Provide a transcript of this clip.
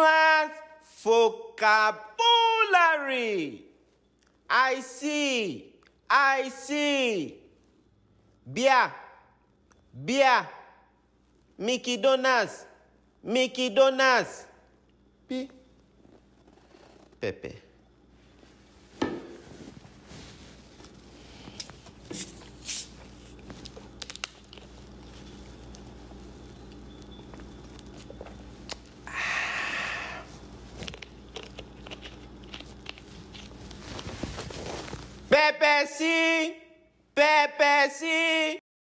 Timeless vocabulary. I see, I see. Beer, beer. Mickey Donuts, Mickey Donuts. Pi. Pepe. pẹpẹ sí pẹpẹ sí.